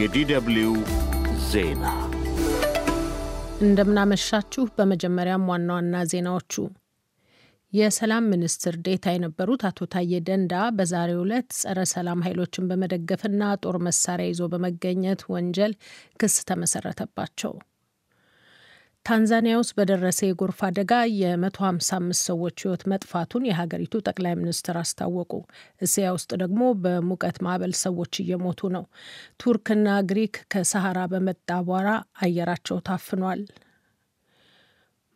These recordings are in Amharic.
የዲደብልዩ ዜና እንደምናመሻችሁ። በመጀመሪያም ዋና ዋና ዜናዎቹ የሰላም ሚኒስትር ዴታ የነበሩት አቶ ታዬ ደንዳ በዛሬው ዕለት ጸረ ሰላም ኃይሎችን በመደገፍና ጦር መሳሪያ ይዞ በመገኘት ወንጀል ክስ ተመሰረተባቸው። ታንዛኒያ ውስጥ በደረሰ የጎርፍ አደጋ የ155 ሰዎች ሕይወት መጥፋቱን የሀገሪቱ ጠቅላይ ሚኒስትር አስታወቁ። እስያ ውስጥ ደግሞ በሙቀት ማዕበል ሰዎች እየሞቱ ነው። ቱርክና ግሪክ ከሰሃራ በመጣ አቧራ አየራቸው ታፍኗል።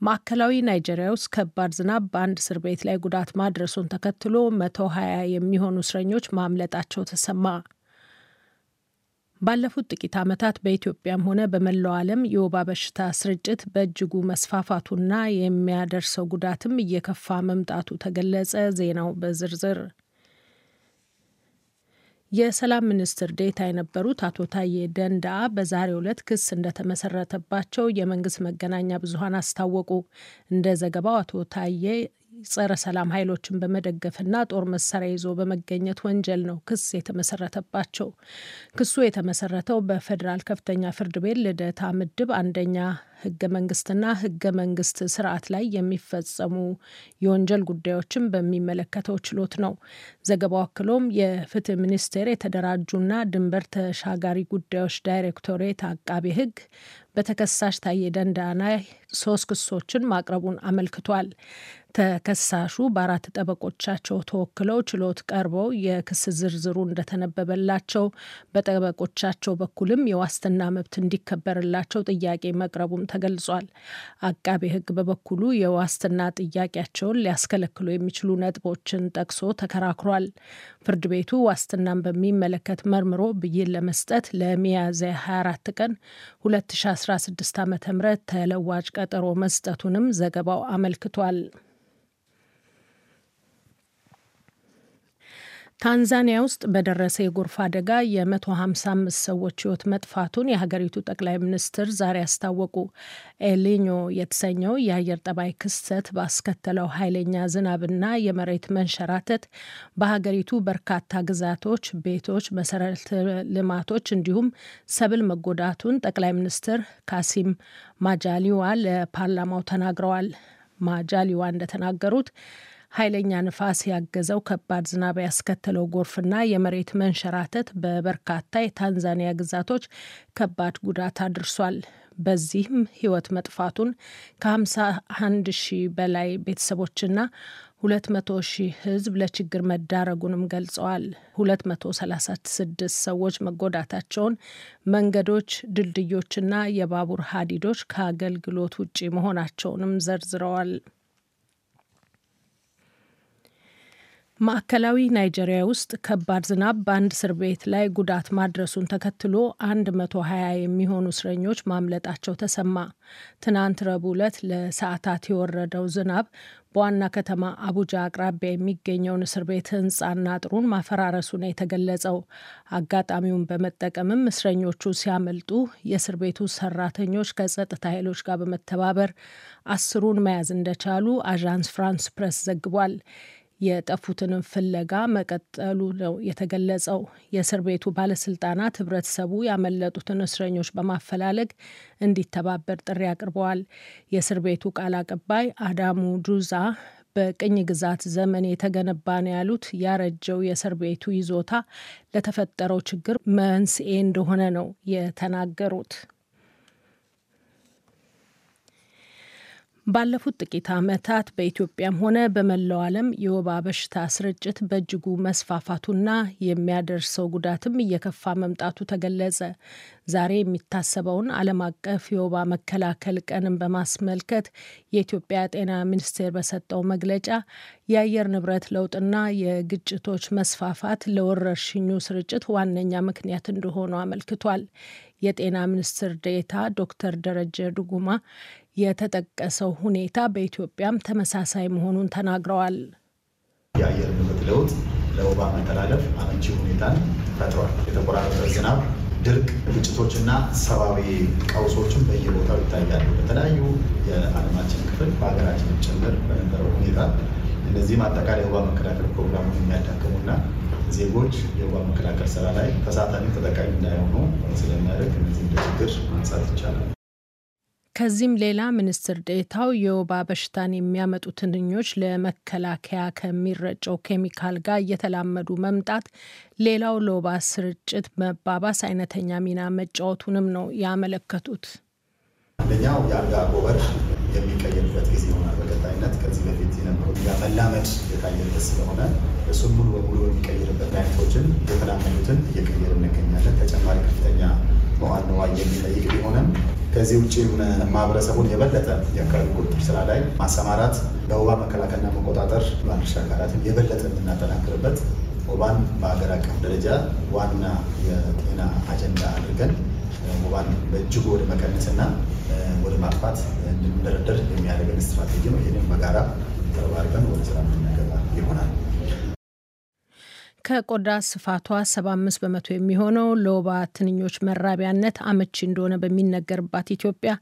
ማዕከላዊ ናይጄሪያ ውስጥ ከባድ ዝናብ በአንድ እስር ቤት ላይ ጉዳት ማድረሱን ተከትሎ መቶ 120 የሚሆኑ እስረኞች ማምለጣቸው ተሰማ። ባለፉት ጥቂት ዓመታት በኢትዮጵያም ሆነ በመላው ዓለም የወባ በሽታ ስርጭት በእጅጉ መስፋፋቱና የሚያደርሰው ጉዳትም እየከፋ መምጣቱ ተገለጸ። ዜናው በዝርዝር የሰላም ሚኒስትር ዴታ የነበሩት አቶ ታዬ ደንዳ በዛሬው ዕለት ክስ እንደተመሰረተባቸው የመንግስት መገናኛ ብዙኃን አስታወቁ። እንደ ዘገባው አቶ ታዬ ጸረ ሰላም ኃይሎችን በመደገፍና ጦር መሳሪያ ይዞ በመገኘት ወንጀል ነው ክስ የተመሰረተባቸው። ክሱ የተመሰረተው በፌዴራል ከፍተኛ ፍርድ ቤት ልደታ ምድብ አንደኛ ህገ መንግስትና ህገ መንግስት ስርዓት ላይ የሚፈጸሙ የወንጀል ጉዳዮችን በሚመለከተው ችሎት ነው። ዘገባው አክሎም የፍትህ ሚኒስቴር የተደራጁና ድንበር ተሻጋሪ ጉዳዮች ዳይሬክቶሬት አቃቤ ህግ በተከሳሽ ታዬ ደንዳና ሶስት ክሶችን ማቅረቡን አመልክቷል። ተከሳሹ በአራት ጠበቆቻቸው ተወክለው ችሎት ቀርበው የክስ ዝርዝሩ እንደተነበበላቸው በጠበቆቻቸው በኩልም የዋስትና መብት እንዲከበርላቸው ጥያቄ መቅረቡም ተገልጿል። አቃቤ ሕግ በበኩሉ የዋስትና ጥያቄያቸውን ሊያስከለክሉ የሚችሉ ነጥቦችን ጠቅሶ ተከራክሯል። ፍርድ ቤቱ ዋስትናን በሚመለከት መርምሮ ብይን ለመስጠት ለሚያዝያ 24 ቀን 2016 ዓ ም ተለዋጭ ቀጠሮ መስጠቱንም ዘገባው አመልክቷል። ታንዛኒያ ውስጥ በደረሰ የጎርፍ አደጋ የ155 ሰዎች ህይወት መጥፋቱን የሀገሪቱ ጠቅላይ ሚኒስትር ዛሬ አስታወቁ። ኤሊኞ የተሰኘው የአየር ጠባይ ክስተት ባስከተለው ኃይለኛ ዝናብና የመሬት መንሸራተት በሀገሪቱ በርካታ ግዛቶች ቤቶች፣ መሰረተ ልማቶች እንዲሁም ሰብል መጎዳቱን ጠቅላይ ሚኒስትር ካሲም ማጃሊዋ ለፓርላማው ተናግረዋል። ማጃሊዋ እንደተናገሩት ኃይለኛ ንፋስ ያገዘው ከባድ ዝናብ ያስከተለው ጎርፍና የመሬት መንሸራተት በበርካታ የታንዛኒያ ግዛቶች ከባድ ጉዳት አድርሷል። በዚህም ሕይወት መጥፋቱን ከ51 ሺህ በላይ ቤተሰቦችና 200 ሺህ ሕዝብ ለችግር መዳረጉንም ገልጸዋል። 236 ሰዎች መጎዳታቸውን፣ መንገዶች፣ ድልድዮችና የባቡር ሀዲዶች ከአገልግሎት ውጪ መሆናቸውንም ዘርዝረዋል። ማዕከላዊ ናይጄሪያ ውስጥ ከባድ ዝናብ በአንድ እስር ቤት ላይ ጉዳት ማድረሱን ተከትሎ 120 የሚሆኑ እስረኞች ማምለጣቸው ተሰማ። ትናንት ረቡዕ ዕለት ለሰዓታት የወረደው ዝናብ በዋና ከተማ አቡጃ አቅራቢያ የሚገኘውን እስር ቤት ሕንፃና አጥሩን ማፈራረሱ ነው የተገለጸው። አጋጣሚውን በመጠቀምም እስረኞቹ ሲያመልጡ የእስር ቤቱ ሰራተኞች ከጸጥታ ኃይሎች ጋር በመተባበር አስሩን መያዝ እንደቻሉ አዣንስ ፍራንስ ፕሬስ ዘግቧል። የጠፉትንም ፍለጋ መቀጠሉ ነው የተገለጸው። የእስር ቤቱ ባለስልጣናት ህብረተሰቡ ያመለጡትን እስረኞች በማፈላለግ እንዲተባበር ጥሪ አቅርበዋል። የእስር ቤቱ ቃል አቀባይ አዳሙ ዱዛ በቅኝ ግዛት ዘመን የተገነባ ነው ያሉት ያረጀው የእስር ቤቱ ይዞታ ለተፈጠረው ችግር መንስኤ እንደሆነ ነው የተናገሩት። ባለፉት ጥቂት ዓመታት በኢትዮጵያም ሆነ በመላው ዓለም የወባ በሽታ ስርጭት በእጅጉ መስፋፋቱና የሚያደርሰው ጉዳትም እየከፋ መምጣቱ ተገለጸ። ዛሬ የሚታሰበውን ዓለም አቀፍ የወባ መከላከል ቀንን በማስመልከት የኢትዮጵያ ጤና ሚኒስቴር በሰጠው መግለጫ የአየር ንብረት ለውጥና የግጭቶች መስፋፋት ለወረርሽኙ ስርጭት ዋነኛ ምክንያት እንደሆኑ አመልክቷል። የጤና ሚኒስትር ዴታ ዶክተር ደረጀ ዱጉማ የተጠቀሰው ሁኔታ በኢትዮጵያም ተመሳሳይ መሆኑን ተናግረዋል። የአየር ንብረት ለውጥ ለወባ መተላለፍ አመቺ ሁኔታን ፈጥሯል። የተቆራረጠ ዝናብ፣ ድርቅ፣ ግጭቶችና ሰብአዊ ቀውሶችን በየቦታው ይታያሉ። በተለያዩ የዓለማችን ክፍል በሀገራችን ጭምር በነበረው ሁኔታ እነዚህም አጠቃላይ ውባ መከላከል ፕሮግራሙን የሚያዳክሙና ዜጎች የውሃ መከላከል ስራ ላይ ተሳታፊ ተጠቃሚ እንዳይሆኑ ስለሚያደርግ እነዚህ እንደ ችግር ማንሳት ይቻላል። ከዚህም ሌላ ሚኒስትር ዴታው የወባ በሽታን የሚያመጡ ትንኞች ለመከላከያ ከሚረጨው ኬሚካል ጋር እየተላመዱ መምጣት ሌላው ለወባ ስርጭት መባባስ አይነተኛ ሚና መጫወቱንም ነው ያመለከቱት። አንደኛው የአልጋ ጎበር የሚቀየርበት ጊዜ ይሆናል። መላመድ የታየበት ስለሆነ እሱን ሙሉ በሙሉ የሚቀይርበት ዳይነቶችን የተላመዱትን እየቀየር እንገኛለን። ተጨማሪ ከፍተኛ መዋዕለ ንዋይ የሚጠይቅ ቢሆንም ከዚህ ውጭም ማህበረሰቡን የበለጠ የአካባቢ ቁጥጥር ስራ ላይ ማሰማራት ለወባ መከላከልና መቆጣጠር ባለድርሻ አካላትን የበለጠ የምናጠናክርበት ወባን በሀገር አቀፍ ደረጃ ዋና የጤና አጀንዳ አድርገን ወባን በእጅጉ ወደ መቀነስና ወደ ማጥፋት እንድንደረደር የሚያደርገን ስትራቴጂ ነው። ይህንን በጋራ ተረባርቀን ወደ ስራ የምንገባ ይሆናል። ከቆዳ ስፋቷ 75 በመቶ የሚሆነው ለወባ ትንኞች መራቢያነት አመቺ እንደሆነ በሚነገርባት ኢትዮጵያ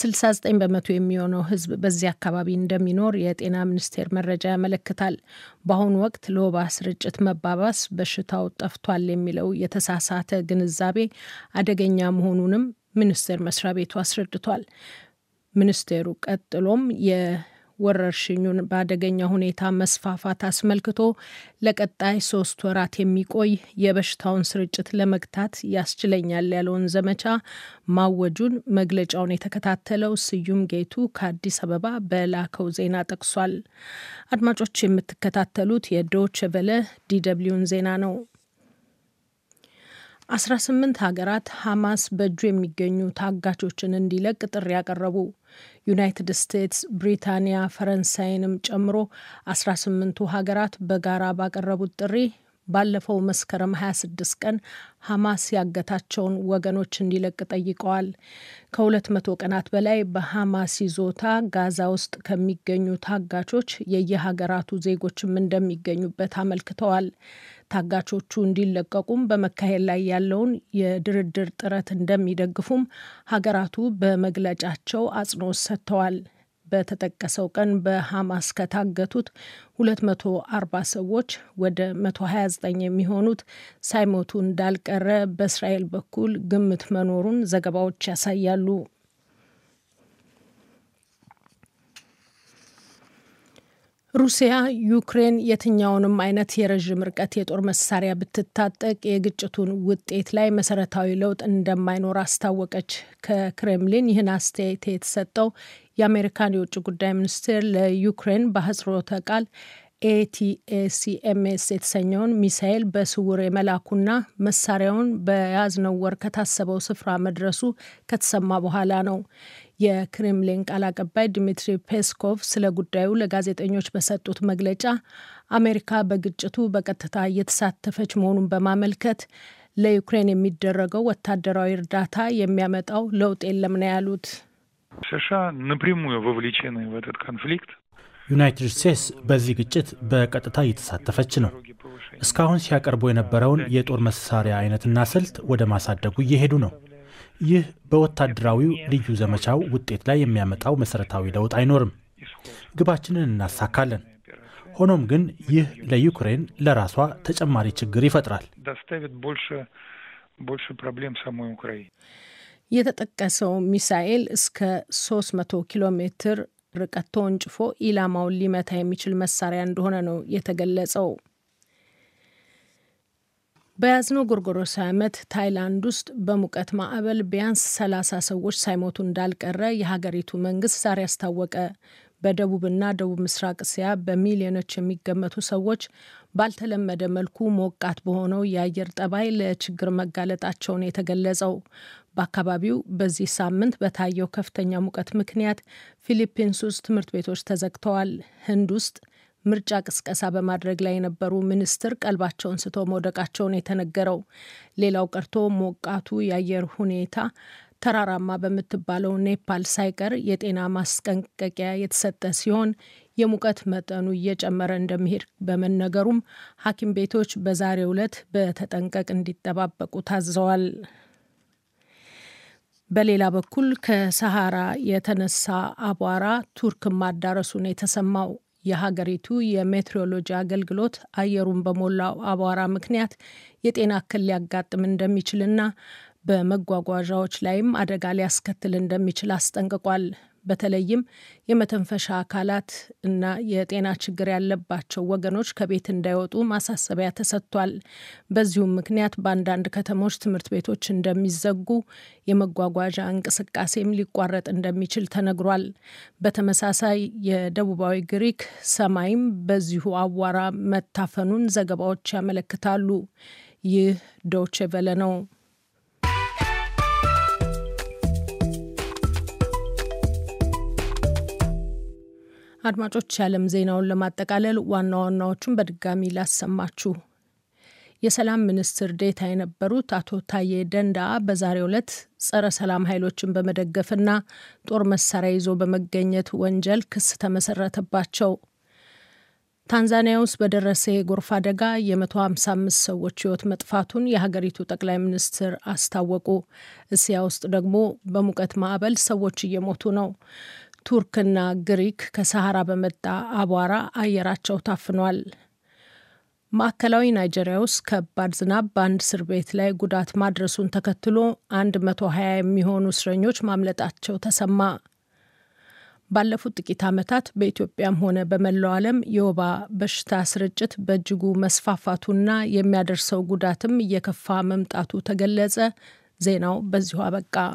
69 በመቶ የሚሆነው ሕዝብ በዚህ አካባቢ እንደሚኖር የጤና ሚኒስቴር መረጃ ያመለክታል። በአሁኑ ወቅት ለወባ ስርጭት መባባስ በሽታው ጠፍቷል የሚለው የተሳሳተ ግንዛቤ አደገኛ መሆኑንም ሚኒስቴር መስሪያ ቤቱ አስረድቷል። ሚኒስቴሩ ቀጥሎም ወረርሽኙን በአደገኛ ሁኔታ መስፋፋት አስመልክቶ ለቀጣይ ሶስት ወራት የሚቆይ የበሽታውን ስርጭት ለመግታት ያስችለኛል ያለውን ዘመቻ ማወጁን መግለጫውን የተከታተለው ስዩም ጌቱ ከአዲስ አበባ በላከው ዜና ጠቅሷል። አድማጮች የምትከታተሉት የዶች ቨለ ዲደብሊውን ዜና ነው። አስራ ስምንት ሀገራት ሐማስ በእጁ የሚገኙ ታጋቾችን እንዲለቅ ጥሪ ያቀረቡ ዩናይትድ ስቴትስ፣ ብሪታንያ፣ ፈረንሳይንም ጨምሮ አስራ ስምንቱ ሀገራት በጋራ ባቀረቡት ጥሪ ባለፈው መስከረም 26 ቀን ሐማስ ያገታቸውን ወገኖች እንዲለቅ ጠይቀዋል። ከ200 ቀናት በላይ በሐማስ ይዞታ ጋዛ ውስጥ ከሚገኙ ታጋቾች የየሀገራቱ ዜጎችም እንደሚገኙበት አመልክተዋል። ታጋቾቹ እንዲለቀቁም በመካሄድ ላይ ያለውን የድርድር ጥረት እንደሚደግፉም ሀገራቱ በመግለጫቸው አጽንኦት ሰጥተዋል። በተጠቀሰው ቀን በሐማስ ከታገቱት 240 ሰዎች ወደ 129 የሚሆኑት ሳይሞቱ እንዳልቀረ በእስራኤል በኩል ግምት መኖሩን ዘገባዎች ያሳያሉ። ሩሲያ ዩክሬን የትኛውንም አይነት የረዥም ርቀት የጦር መሳሪያ ብትታጠቅ የግጭቱን ውጤት ላይ መሰረታዊ ለውጥ እንደማይኖር አስታወቀች። ከክሬምሊን ይህን አስተያየት የተሰጠው የአሜሪካን የውጭ ጉዳይ ሚኒስቴር ለዩክሬን በአህጽሮተ ቃል ኤቲኤሲኤምኤስ የተሰኘውን ሚሳኤል በስውር የመላኩና መሳሪያውን በያዝነው ወር ከታሰበው ስፍራ መድረሱ ከተሰማ በኋላ ነው። የክሬምሊን ቃል አቀባይ ድሚትሪ ፔስኮቭ ስለ ጉዳዩ ለጋዜጠኞች በሰጡት መግለጫ አሜሪካ በግጭቱ በቀጥታ እየተሳተፈች መሆኑን በማመልከት ለዩክሬን የሚደረገው ወታደራዊ እርዳታ የሚያመጣው ለውጥ የለም ነው ያሉት። США напрямую вовлечены в этот конфликт. ዩናይትድ ስቴትስ በዚህ ግጭት በቀጥታ እየተሳተፈች ነው። እስካሁን ሲያቀርቡ የነበረውን የጦር መሳሪያ አይነትና ስልት ወደ ማሳደጉ እየሄዱ ነው። ይህ በወታደራዊው ልዩ ዘመቻው ውጤት ላይ የሚያመጣው መሠረታዊ ለውጥ አይኖርም። ግባችንን እናሳካለን። ሆኖም ግን ይህ ለዩክሬን ለራሷ ተጨማሪ ችግር ይፈጥራል። የተጠቀሰው ሚሳኤል እስከ 300 ኪሎ ሜትር ርቀት ተወንጭፎ ኢላማውን ሊመታ የሚችል መሳሪያ እንደሆነ ነው የተገለጸው። በያዝነው ጎርጎሮስ ዓመት ታይላንድ ውስጥ በሙቀት ማዕበል ቢያንስ 30 ሰዎች ሳይሞቱ እንዳልቀረ የሀገሪቱ መንግስት ዛሬ አስታወቀ። በደቡብና ደቡብ ምስራቅ እስያ በሚሊዮኖች የሚገመቱ ሰዎች ባልተለመደ መልኩ ሞቃት በሆነው የአየር ጠባይ ለችግር መጋለጣቸውን የተገለጸው በአካባቢው በዚህ ሳምንት በታየው ከፍተኛ ሙቀት ምክንያት ፊሊፒንስ ውስጥ ትምህርት ቤቶች ተዘግተዋል። ህንድ ውስጥ ምርጫ ቅስቀሳ በማድረግ ላይ የነበሩ ሚኒስትር ቀልባቸውን ስቶ መውደቃቸውን የተነገረው። ሌላው ቀርቶ ሞቃቱ የአየር ሁኔታ ተራራማ በምትባለው ኔፓል ሳይቀር የጤና ማስጠንቀቂያ የተሰጠ ሲሆን የሙቀት መጠኑ እየጨመረ እንደሚሄድ በመነገሩም ሐኪም ቤቶች በዛሬው ዕለት በተጠንቀቅ እንዲጠባበቁ ታዘዋል። በሌላ በኩል ከሰሃራ የተነሳ አቧራ ቱርክ ማዳረሱን የተሰማው የሀገሪቱ የሜትሮሎጂ አገልግሎት አየሩን በሞላው አቧራ ምክንያት የጤና እክል ሊያጋጥም እንደሚችልና በመጓጓዣዎች ላይም አደጋ ሊያስከትል እንደሚችል አስጠንቅቋል። በተለይም የመተንፈሻ አካላት እና የጤና ችግር ያለባቸው ወገኖች ከቤት እንዳይወጡ ማሳሰቢያ ተሰጥቷል። በዚሁም ምክንያት በአንዳንድ ከተሞች ትምህርት ቤቶች እንደሚዘጉ፣ የመጓጓዣ እንቅስቃሴም ሊቋረጥ እንደሚችል ተነግሯል። በተመሳሳይ የደቡባዊ ግሪክ ሰማይም በዚሁ አዋራ መታፈኑን ዘገባዎች ያመለክታሉ። ይህ ዶቼ ቬለ ነው። አድማጮች የዓለም ዜናውን ለማጠቃለል ዋና ዋናዎቹን በድጋሚ ላሰማችሁ። የሰላም ሚኒስትር ዴታ የነበሩት አቶ ታዬ ደንዳ በዛሬው ዕለት ጸረ ሰላም ኃይሎችን በመደገፍና ጦር መሳሪያ ይዞ በመገኘት ወንጀል ክስ ተመሰረተባቸው። ታንዛኒያ ውስጥ በደረሰ የጎርፍ አደጋ የ155 ሰዎች ሕይወት መጥፋቱን የሀገሪቱ ጠቅላይ ሚኒስትር አስታወቁ። እስያ ውስጥ ደግሞ በሙቀት ማዕበል ሰዎች እየሞቱ ነው። ቱርክና ግሪክ ከሰሃራ በመጣ አቧራ አየራቸው ታፍኗል። ማዕከላዊ ናይጄሪያ ውስጥ ከባድ ዝናብ በአንድ እስር ቤት ላይ ጉዳት ማድረሱን ተከትሎ 120 የሚሆኑ እስረኞች ማምለጣቸው ተሰማ። ባለፉት ጥቂት ዓመታት በኢትዮጵያም ሆነ በመላው ዓለም የወባ በሽታ ስርጭት በእጅጉ መስፋፋቱና የሚያደርሰው ጉዳትም እየከፋ መምጣቱ ተገለጸ። ዜናው በዚሁ አበቃ።